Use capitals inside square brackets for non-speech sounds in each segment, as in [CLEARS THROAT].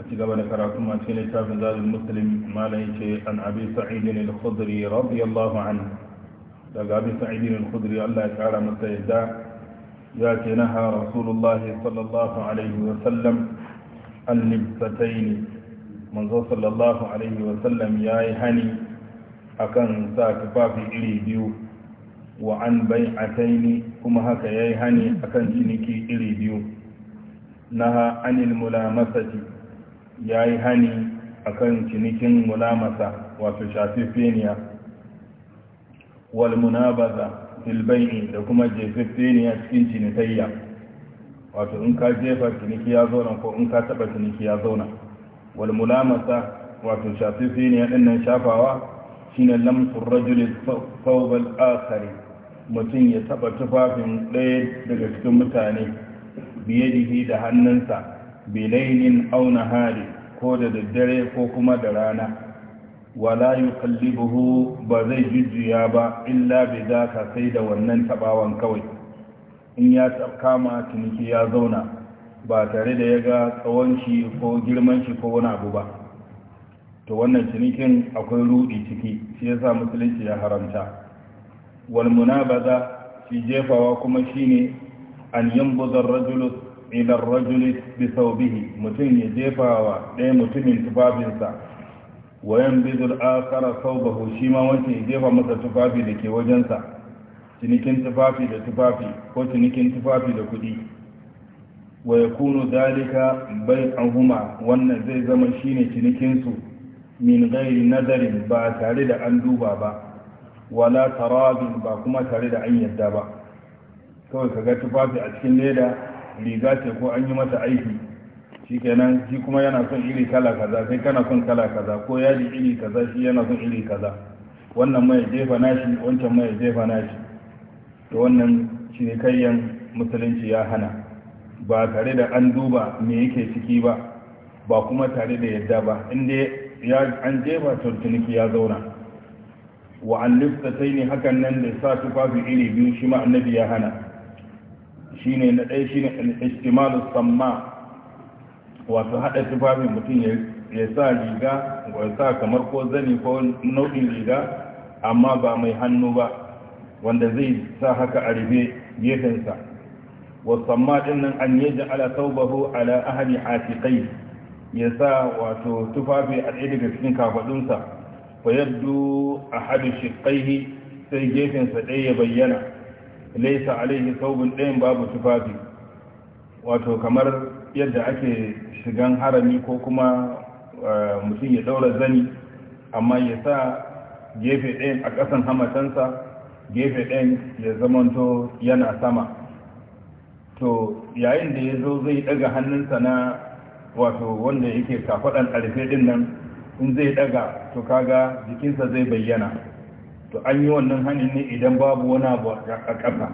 أتقبل كراكم أتقل كتاب زاد المسلم ما ليش عن أبي سعيد الخضري رضي الله عنه daga abin sa'idin al-khudri Allah ya kara masa yadda ya ce naha rasulullahi sallallahu alaihi wa sallam al-libsatain manzo sallallahu alaihi wa sallam yayi hani akan sa tufafi iri biyu wa an bai'atain kuma haka yayi hani akan ciniki iri biyu naha anil ya yi hani a kan cinikin mulamasa wato shafifeniya walmunabaza filbaini da kuma feniya cikin cinikayya wato in ka jefa ciniki ya zauna ko in ka taba ciniki ya zauna walmulamasa wato feniya din nan shafawa shine lamsun rajulin saubal akari mutum ya taba tufafin ɗaya daga cikin mutane biye da hannunsa Bilainin auna hari ko da daddare ko kuma da rana wala yuqallibuhu ba zai jujjuya ba illa bi zaka sai da wannan tabawan kawai in ya kama ciniki ya zauna ba tare da ya ga tsawon shi ko girman shi ko wani abu ba to wannan cinikin akwai rudi ciki shi yasa musulunci ya haramta wal munabaza shi jefawa kuma shine an yanbuza rajulu ila rajuli bi bihi mutum ya jefa wa ɗaya mutumin tufafinsa wa yanbidu al-akhara shi ma wancan ya jefa masa tufafi da ke wajensa cinikin tufafi da tufafi ko cinikin tufafi da kuɗi wa yakunu dalika ahuma wannan zai zama shine cinikin su min ghairi nadarin ba tare da an duba ba wala tarabin ba kuma tare da an yadda ba kawai ka ga tufafi a cikin leda riga ce ko an yi mata aiki shikenan shi kuma yana son iri kala kaza sai kana son kala kaza ko yadi iri kaza shi yana son iri kaza wannan mai jefa nashi wancan mai jefa nashi to wannan cinikayyan musulunci ya hana ba tare da an duba me yake ciki ba ba kuma tare da yadda ba inda an jefa tuntuniki ya zauna wa an lifta sai ne hakan nan da sa tufafi iri biyu shi ma annabi ya hana shine na ɗaya shine istimalus samma wato haɗa tufafi mutum ya sa riga ya sa kamar ko zani ko nau'in riga amma ba mai hannu ba wanda zai sa haka a rufe gefensa wasamma ɗin nan an yi ala taubahu ala ahali hatiƙai ya sa wato tufafi a ɗaya daga cikin kafaɗunsa fa yaddu a hadu shiƙaihi sai gefensa ɗaya ya bayyana laisa alaihi saubin ɗayan babu tufafi wato kamar yadda ake shigan harami ko kuma eh, mutum ya daura zani amma ya sa gefe ɗayan a ƙasan hamatansa gefe ɗayan ya zamanto yana sama to yayin da ya zo zai ɗaga hannunsa na wato wanda yake kafaɗan ƙarfe ɗin nan in zai ɗaga to kaga jikinsa zai bayyana to an yi wannan hanin ne idan babu wani a ƙasa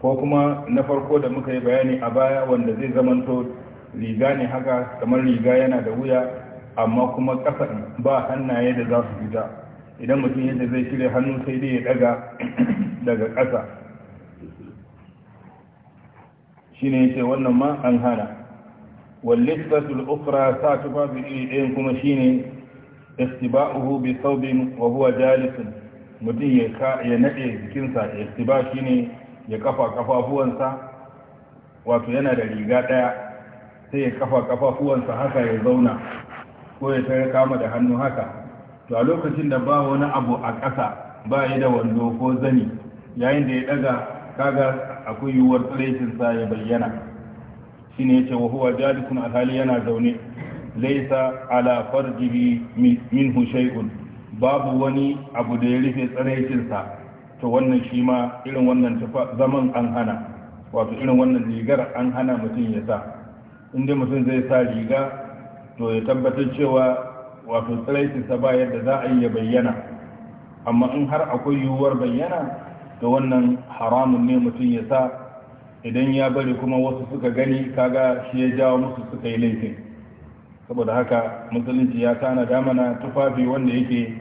ko kuma na farko da muka yi bayani a baya wanda zai zamanto riga ne haka kamar riga yana da wuya amma kuma ƙasa ba hannaye da za su fita idan mutum yadda zai shirya hannu sai dai ya daga [CLEARS THROAT] daga ƙasa shi ne ce wannan ma an hana walliftatul ukra sa tufafi iri ɗaya kuma ne? istiba'uhu bi thawbin wa huwa jalisun mutum ya nade jikinsa istiba shine ya kafa kafafuwansa wato yana da riga ɗaya sai ya kafa kafafuwansa haka ya zauna ko ya tare kama da hannu haka to a lokacin da ba wani abu a ƙasa ba ya da wando ko zani yayin da ya daga kaga akwai yiwuwar tsiraicinsa ya bayyana shine yace wa huwa jalisun alhali yana zaune laisa ala farjihi minhu shay'un babu wani abu da ya rufe tsaraicinsa to wannan shi ma irin wannan zaman an hana wato irin wannan rigar an hana mutum ya sa inda mutum zai sa riga to ya tabbatar cewa wato sa ba yadda za a yi ya bayyana amma in har akwai yiwuwar bayyana to wannan haramun ne mutum ya sa idan ya bari kuma wasu suka gani kaga shi ya jawo musu suka yi laifin saboda haka musulunci ya tana damana tufafi wanda yake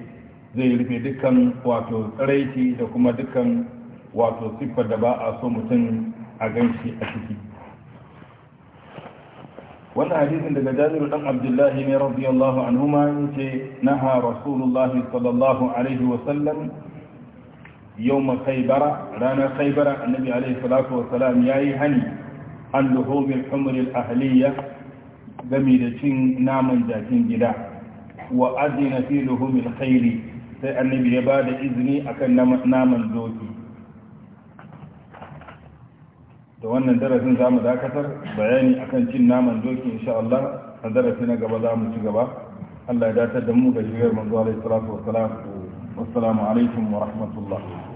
zai rufe dukkan wato tsiraici da kuma dukkan wato siffar da ba a so mutum a ganshi a ciki wannan hadisin daga jabiru dan abdullahi ne radiyallahu anhuma yace naha rasulullah sallallahu alaihi wa sallam yawm khaybara rana khaybara annabi alaihi salatu wa salam yayi hani an luhum al-humr al-ahliyah game da cin naman jakin gida wa azina fi luhumil khairi sai annabi ya ba da izini akan naman doki da wannan darasin za mu dakatar bayani akan cin naman doki insha Allah a darasi na gaba za mu ci gaba Allah ya datar da mu ga shigar manzo alaihi salatu wassalam wassalamu alaikum wa rahmatullah